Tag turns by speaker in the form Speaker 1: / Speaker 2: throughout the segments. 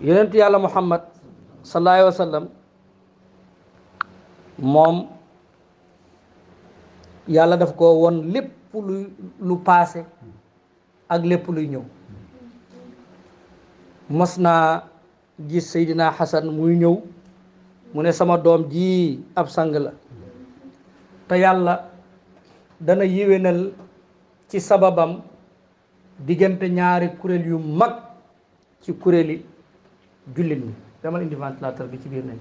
Speaker 1: yonent yàlla muhammad sallallahu alayhi wa moom yàlla daf ko won lépp luy lu passé ak lépp luy ñëw mos naa gis Seydina Xasan muy ñëw mu ne sama doom ji ab sang la te yàlla dana yéwénal ci sababam diggante ñaari kuréel yu mag ci kuréeli jullit ni dama indi ventilateur bi ci bir nañ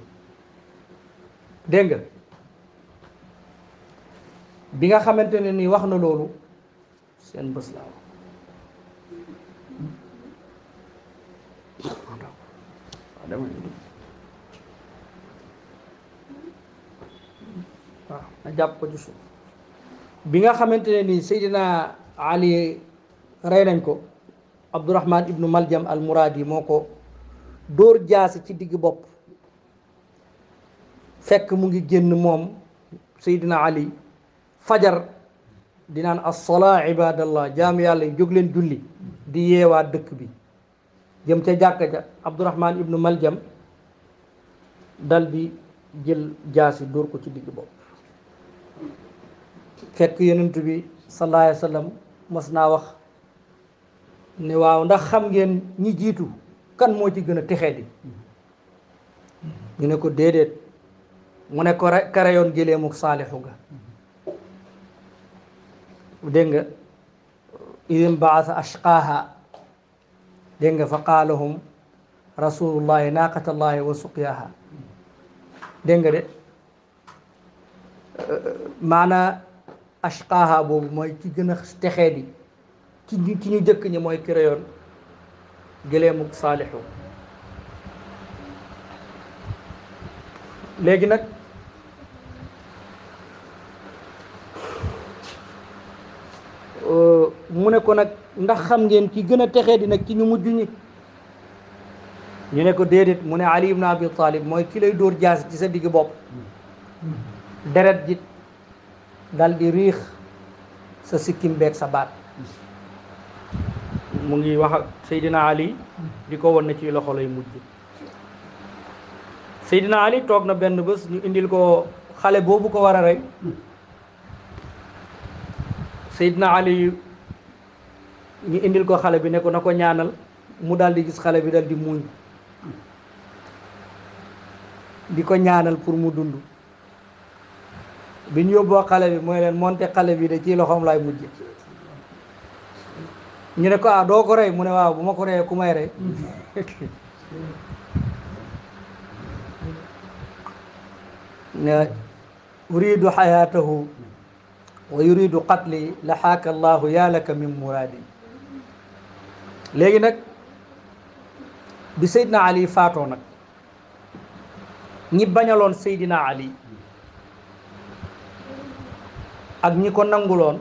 Speaker 1: deng bi nga xamante ni wax na lolu sen bëss la waaw ah, na ah, ko bi nga ni Ali ray nañ ko abdurrahman ibnu Maljam al Muradi moko dóor jaasi ci digg bopp fekk mu ngi génn moom Seydina Ali fajar dinaan assolaa ibadallah jaam yàlla yi jóg leen julli di yeewaat dëkk bi jëm ca jàkka ja Abdurahman ibnu Maljam dal di jël jaasi dóor ko ci digg bopp fekk yonent bi sallallahu alayhi naa wax ne waaw ndax xam ngeen ñi jiitu kan moo ci gëna téxé di ñu ne ko dédét mu ne ko karayoon gëleemu salihu ga dégg nga idin baasa ashqaaha dégg nga fa qaalahum rasulullahi naaqatallahi wa suqyaaha dénga de maanaa ashqaha boobu moy ci gëna téxé di ci ñu jëk ñi mooy karayoon gëleemug saalixu léegi nag mu ne ko nag ndax xam ngeen ki gën a texee di nag ci ñu mujj ñi ñu ne ko déedéet mu ne Ali ibn Abi Talib mooy ki lay dóor jaas ci sa digg bopp deret ji dal di riix sa sikkim beeg sa baat mu ngi wax ak Seydina Ali di ko won na ci loxo lay mujj Seydina Ali toog na benn bés ñu indil ko xale boobu ko war a rey Seydina Ali ñu indil ko xale bi ne ko na ko ñaanal mu daal di gis xale bi daal di muuñ di ko ñaanal pour mu dund bi ñu yóbboo xale bi mooy leen moonte xale bi de ci loxoom laay mujj ñu ne ko ah doo ko mu ne waaw bu ma ko reyee ku may rey ne uridu xayaatahu wa yuridu qatli la xaaka allahu yaalaka min muraadi léegi nag bi Seydina Ali faatoo nag ñi bañaloon Seydina Ali ak ñi ko nanguloon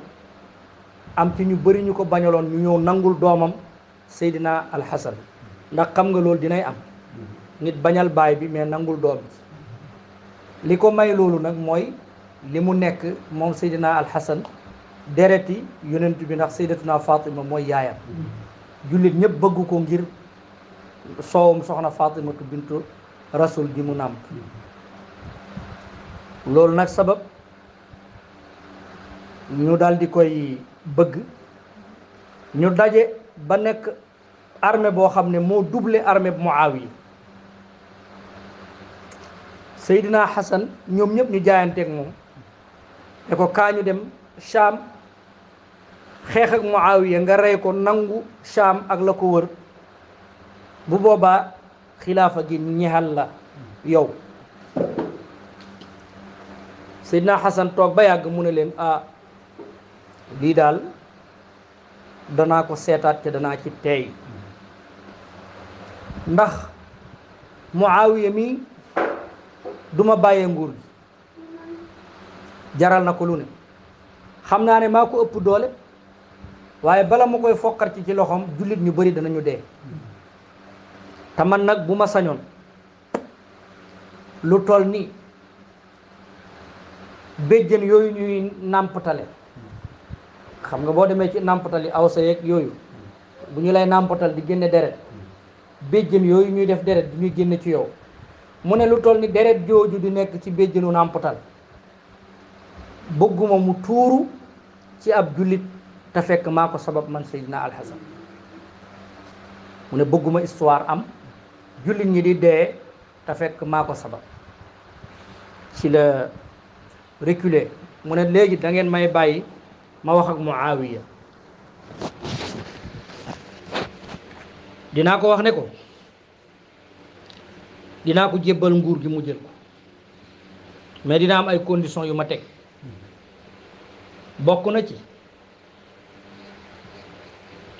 Speaker 1: am ci ñu bëri ñu ko bañaloon ñu ñëw nangul doomam Seydina Alxasan ndax xam nga loolu dinay am nit bañal baay bi mais nangul doom bi li ko may loolu nag mooy li mu nekk moom Seydina Alxasan dereti yonent bi ndax Seydatuna Fatima mooy yaayam jullit ñëpp bëgg ko ngir soowum soxna Fatimatu bintu rasul di mu nàmp loolu nag sabab ñu daal di koy bëgg ñu daje ba nekk armée boo xam ne moo doublé armée bu Muawiya Seydina Xasan ñoom ñëpp ñu jaayanteeg moom ne ko kaañu dem Sham xeex ak Muawiya nga rey ko nangu Sham ak la ko wër bu boobaa xilaafa gi ñexal la yow Seydina Xasan toog ba yàgg mu ne leen ah, lii daal danaa ko seetaat te danaa ci teey ndax mu awye mii duma bàyyee nguur gi jaral na ko lu ne xam naa ne maa ko ëpp doole waaye bala ma koy fokkar ci loxoom jullit ñu bari danañu dee te man nag bu ma sañoon lu toll nii béjjën yooyu ñuy nàmptale xam nga boo demee ci nàmpatal yi awsa yooyu bu ñu lay nàmpatal di génne deret béjjën yooyu ñuy def deret di ñuy génne ci yow mu ne lu toll ni deret jooju di nekk ci béjjënu nàmpatal bëgguma mu tuuru ci ab jullit te fekk maa ko sabab man Seydina Alxasan mu ne bëgguma histoire am jullit ñi di dee te fekk maa ko sabab ci la reculer mu ne léegi dangeen ngeen may bàyyi ma wax ak Muawiya dinaa ko wax ne ko dinaa ko jébbal nguur gi mu jël ko mais dina am ay conditions yu ma teg bokk na ci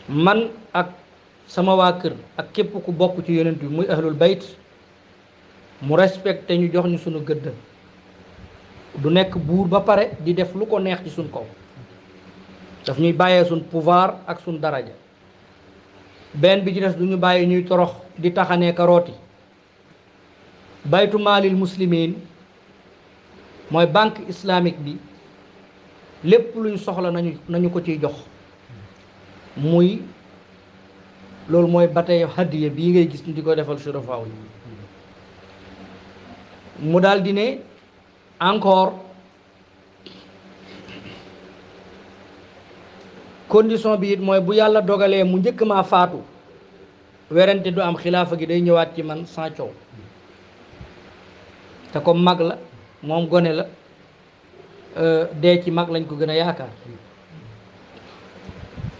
Speaker 1: man ak sama waa kër ak képp ku bokk ci yonent bi muy ahlul bayt mu respecte ñu jox ñu sunu gëdd du nekk buur ba pare di def lu ko neex ci suñ kow daf ñuy bàyyee suñ pouvoir ak suñ daraja benn bi ci des du bàyyi ñuy torox di taxanee karooti baytu maalil muslimin mooy banque islamique bi lépp luñ soxla nañu nañu ko ciy jox muy loolu mooy ba tey hadiya bii ngay gis ñu di ko defal surafaaw yi mu daldi ne encore condition bi it mooy bu yàlla dogalee mu njëkk maa faatu werante du am xilaafa gi day ñëwaat ci man sans te comme mag la moom gone la euh, dee ci mag lañ ko gën a yaakaar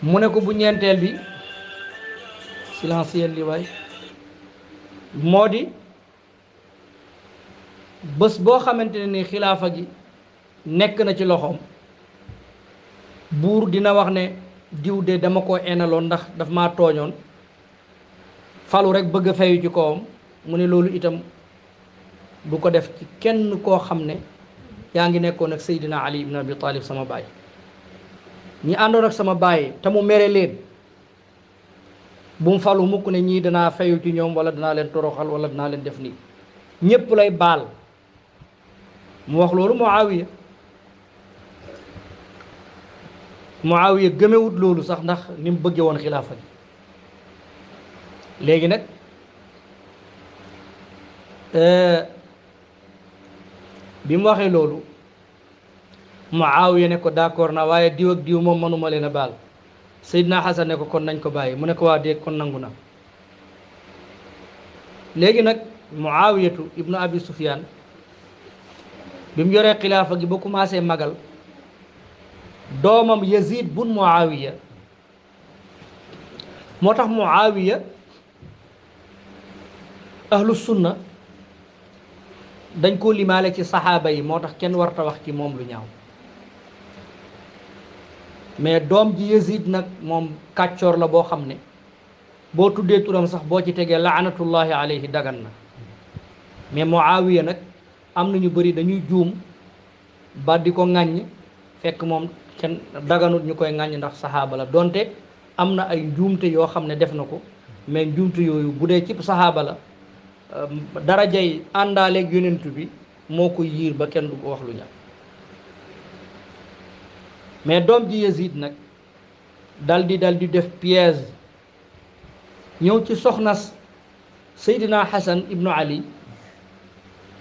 Speaker 1: mu ne ko bu ñeenteel bi silenciel li waay moo di bés boo xamante ne ni xilaafa gi nekk na ci loxoom buur dina wax ne diw de dama ko enaloon ndax dafa maa tooñoon falu rek bëgg a fayu ci kawam mu ne loolu itam bu ko def ci kenn koo xam ne yaa ngi nekkoon ak Seydina Ali ibn Abi Talib sama baay ñi àndoon ak sama baay te mu mere leen bu mu falu mukk ne ñii danaa fayu ci ñoom wala danaa leen toroxal wala danaa leen def nii ñépp lay baal mu wax loolu Muawiya Muawiya gëmewut loolu sax ndax ni mu bëggee woon xilaafa gi léegi nag euh, bi mu waxee loolu Muawiya ne ko d'accord na waaye diw ak diw moom mënuma leen a baal Seydina Xasan ne ko kon nañ ko bàyyi mu ne ko waa déet kon nangu na léegi nag Muawiyatu ibnu Abi Sufyaan bi mu yoree xilaafa gi ba commencé magal doomam Yazid bun Muawiya moo tax Muawiya ahlu sunna dañ koo limaale ci saxaaba yi moo tax kenn warta wax ci moom lu ñaaw mais doom ji Yazid nag moom kàccoor la boo xam ne boo tuddee turam sax boo ci tegee laanatullahi alayhi daggan na mais Muawiya nag am na ñu bari dañuy juum ba di ko ŋàññ fekk moom kenn daganut ñu koy ŋàññ ndax saxaaba la donte am na ay njuumte yoo xam ne def na ko mais njuumte yooyu bu dee ci saxaaba la euh, darajay àndaaleeg yonent bi moo ko yiir ba kenn du ko wax lu ñaaw mais doom ji Yazid nag dal di dal di def piège ñëw ci soxnas Seydina Xasan ibnu Ali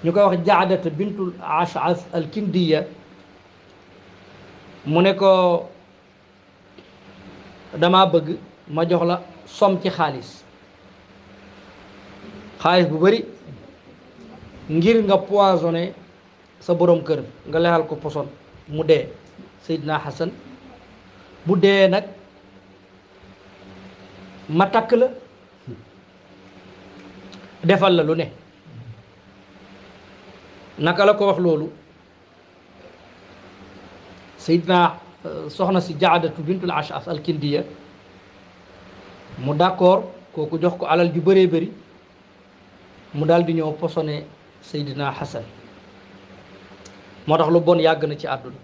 Speaker 1: ñu koy wax jaadata bintul Ash'ath al diya mu ne ko damaa bëgg ma jox la som ci xaalis xaalis bu bari ngir nga poisonné sa borom kër nga lexal ko poson mu dee Seydina Xasan bu dee nag ma takk la defal la lu ne naka la ko wax loolu Seydina eh, soxna si jaadatu bintul ashas alkindiya mu d'accord kooku jox ko alal ju bëree bëri mu di posone Seydina Hasan. moo tax lu bon yàgg na ci àdduna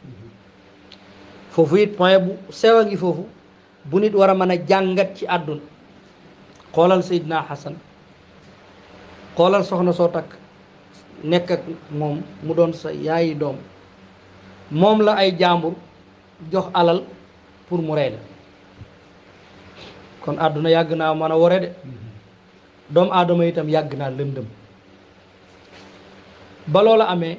Speaker 1: foofu it point bu sew a ngi wara bu nit war a mën ci àdduna xoolal Seydina hasan xoolal soxna so tak nekk ak moom mu doon sa yaayi moom la ay jaambur jox alal pour mu rey la kon àdduna yàgg naa man a wore de doomu aadama itam yàgg naa lëndëm ba loola amee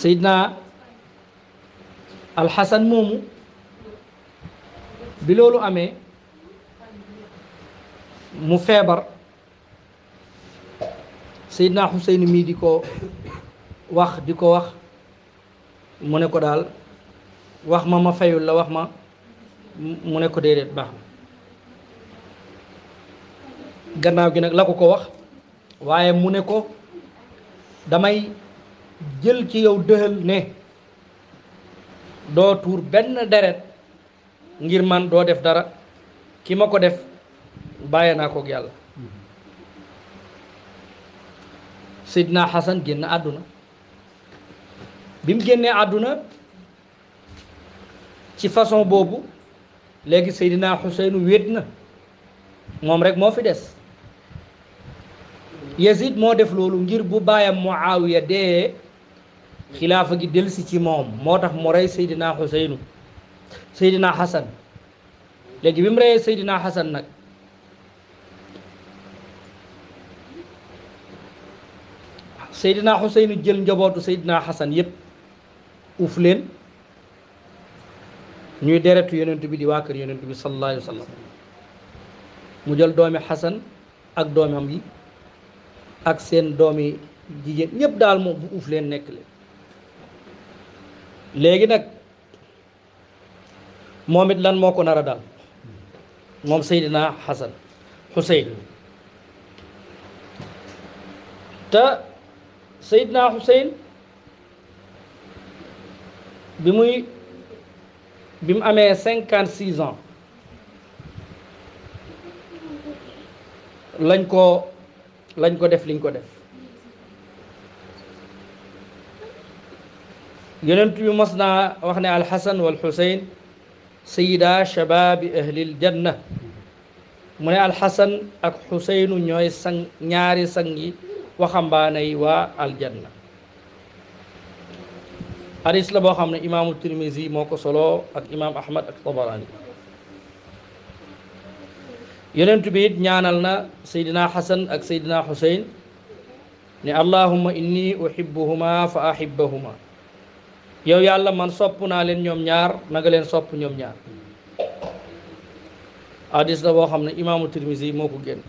Speaker 1: Seydina Alxasan moomu bi loolu amee mu feebar Seydina Xuseyn mii di ko wax di ko wax mu ne ko daal wax ma ma fayul la wax ma mu ne ko déedéet baax na gannaaw gi nag la ko ko wax waaye mu ne ko damay jël ci yow dëhël ne doo tuur benn deret ngir man doo def dara ki ma ko def bàyye naa kook yàlla sidna Xasan génn àdduna bi mu génnee àdduna ci façon boobu léegi Seydina Xuseyn wéet na moom rek moo fi des Yazid moo def loolu ngir bu baayam Muawiya dee xilaafa gi delsi ci moom moo tax mu rey Seydina Xuseynu Seydina Xasan léegi bi mu reyee Seydina Xasan nag Seydina Xuseynu jël njabootu Seydina Xasan yépp ufleen ñuy deretu yonent bi di waa kër yonent bi sallallahu alayhi mu jël doomi xasan ak doomam yi ak seen doomi jigéen ñépp daal moom bu uuf leen nekk leen léegi nag moom it lan moo ko nar a daal moom Seydina Xasan Xuseyn te Seydina Xuseyn bi muy bi mu amee cinquante six ans lañ ko lañ ko def liñ ko def yonent bi mos naa wax ne alxasan wal xuseyn sayida shababi ahlil janna mu ne alxasan ak xuseynu ñooy sang ñaari sang yi waxambaane yi waa aljanna xadis la boo xam ne imaamu tirmisi moo ko solo ak imaam ahmad ak tabarani yonent bi it ñaanal na seydina xasan ak seydina xuseyn ne allahuma inni uhibbuhuma fa ahibbahuma yow yàlla man sopp naa leen ñoom ñaar na nga leen sopp ñoom ñaar hadis la boo xam ne imaamu tirmisi moo ko génn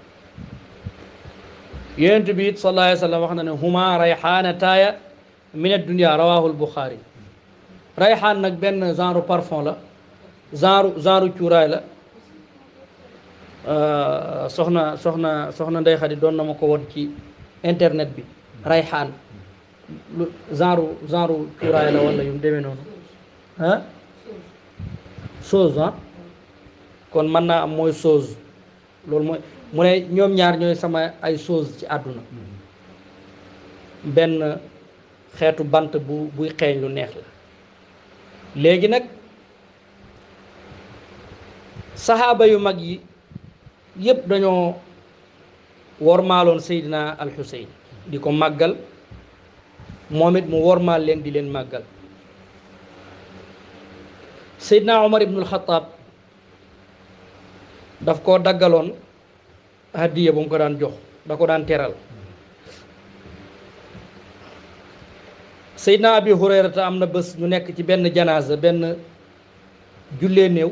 Speaker 1: yonent bi it sallallahu alayhi wa sallam wax na ne huma rayxaana taaya minad dunia rawahul buxaari rayxaan nag benn genre parfum la genre genre cuuraay la euh, soxna soxna soxna Ndey Xadi doon na ma ko woon ci internet bi rayxaan lu genre genre cuuraay la wala yu mu demee noonu ah chose ah kon mën naa am mooy chose loolu mooy mu ne ñoom ñaar ñooy sama ay chose ci àdduna mm-hmm. benn xeetu bant bu buy xeeñ lu neex la léegi nag saxaaba yu mag yi yépp dañoo wormaaloon Seydina Al Xuseyn di ko màggal moom it mu wormaal leen di leen màggal Seydina Omar ibnul Xataab daf koo daggaloon hadiya bu mu ko daan jox da ko daan teral Seydina Abi Hurayrata am na bés ñu nekk ci benn janaasa benn jullee néew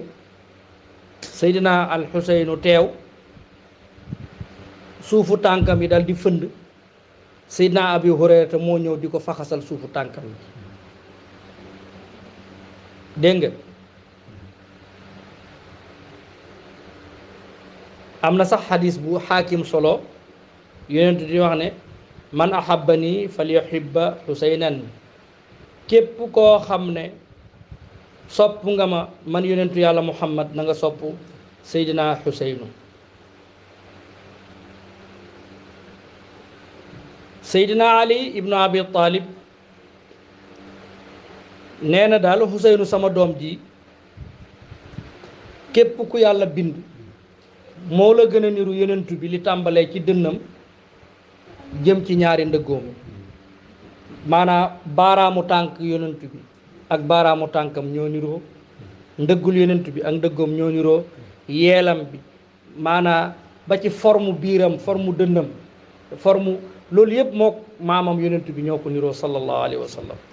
Speaker 1: Seydina Al Xuseynu teew suufu tànkam yi daldi fënd Seydina Abi Hurayrata moo ñëw di ko faxasal suufu tànkam yi dégg nga am na sax xadis bu xaakim solo yonent di wax ne man ahabani fal yuhibba xuseynan képp koo xam ne sopp nga ma man yonentu yàlla muhammad na nga sopp seydina xuseynu seydina ali ibnu abi talib nee na daal xuseynu sama doom ji képp ku yàlla bind moo la gën a niru yonentu bi li tàmbalee ci dënnam jëm ci ñaari ndëggoom maanaam baaraamu tànk yonent bi ak baaraamu tànkam ñoo niroo ndëggul yonent bi ak ndëggoom ñoo niroo yeelam bi maanaam ba ci forme biiram forme dënnam forme loolu yëpp mook maamam yonent bi ñoo ko niroo sallallahu alayhi wa